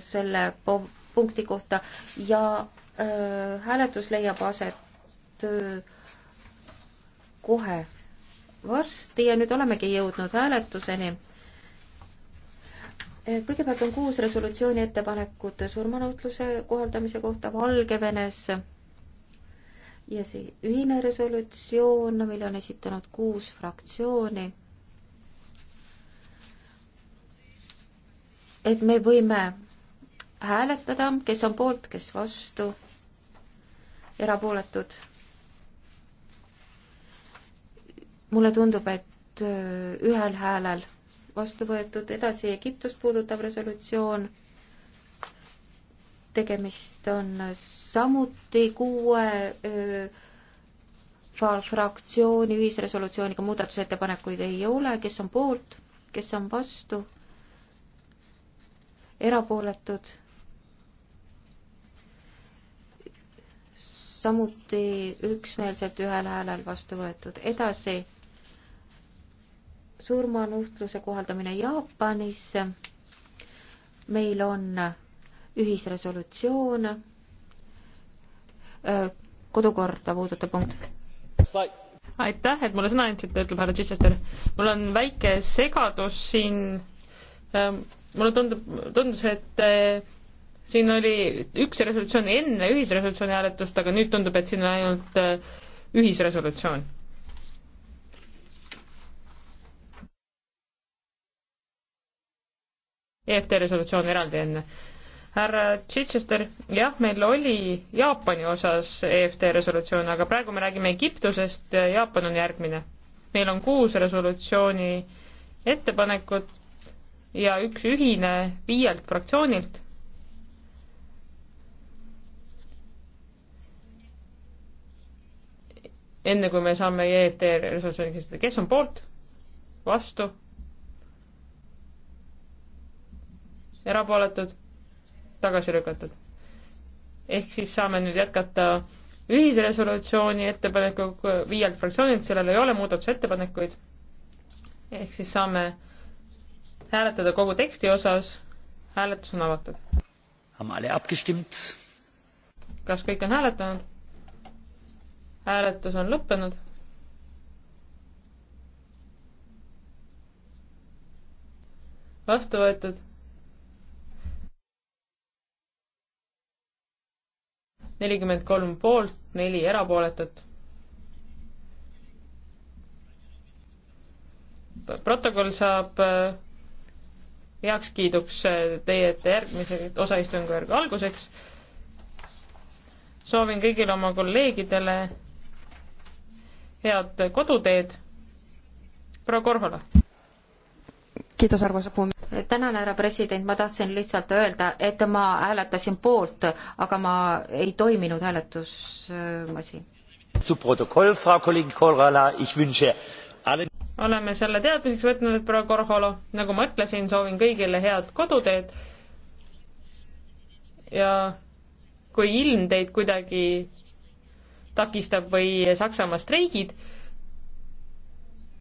selle punkti kohta ja öö, hääletus leiab aset öö, kohe varsti ja nüüd olemegi jõudnud hääletuseni. kõigepealt on kuus resolutsiooni ettepanekut surmanõutluse kohaldamise kohta Valgevenes ja see ühine resolutsioon, mille on esitanud kuus fraktsiooni et me võime hääletada, kes on poolt, kes vastu, erapooletud. mulle tundub, et äh, ühel häälel vastu võetud, edasi Egiptust puudutav resolutsioon. tegemist on samuti kuue öö, äh, fraktsiooni ühisresolutsiooniga muudatusettepanekuid ei ole, kes on poolt, kes on vastu, erapooletud. samuti üksmeelselt ühel häälel vastu võetud. edasi, surmanuhtluse kohaldamine Jaapanis. meil on ühisresolutsioon. kodukorda puudutav punkt aitäh, et mulle sõna andsite, ütleb härra Chichester. mul on väike segadus siin Ähm, mulle tundub, tundus, et äh, siin oli üks resolutsioon enne ühisresolutsiooni hääletust, aga nüüd tundub, et siin on ainult äh, ühisresolutsioon. EFT resolutsioon eraldi enne. härra Chichester, jah, meil oli Jaapani osas EFT resolutsioon, aga praegu me räägime Egiptusest ja Jaapan on järgmine. meil on kuus resolutsiooni ettepanekut ja üks ühine viielt fraktsioonilt. enne kui me saame EFT resolutsiooni käsitleda, kes on poolt, vastu, erapooletud, tagasi lükatud. ehk siis saame nüüd jätkata ühise resolutsiooni ettepanekuga viielt fraktsioonilt, sellel ei ole muudatusettepanekuid, ehk siis saame hääletada kogu teksti osas. hääletus on avatud. kas kõik on hääletanud? hääletus on lõppenud. vastu võetud. nelikümmend kolm poolt, neli erapooletut protokoll saab äh, heakskiiduks äh, teie ette järgmise osaistungjärgu alguseks. soovin kõigile oma kolleegidele head koduteed. proua Korhola. tänan, härra president, ma tahtsin lihtsalt öelda, et ma hääletasin poolt, aga ma ei toiminud hääletusmasin. zu protokoll, Frau Kollegin Korhola, ich wünsche oleme selle teadmiseks võtnud, et proua Korholo, nagu ma ütlesin, soovin kõigile head koduteed ja kui ilm teid kuidagi takistab või Saksamaa streigid,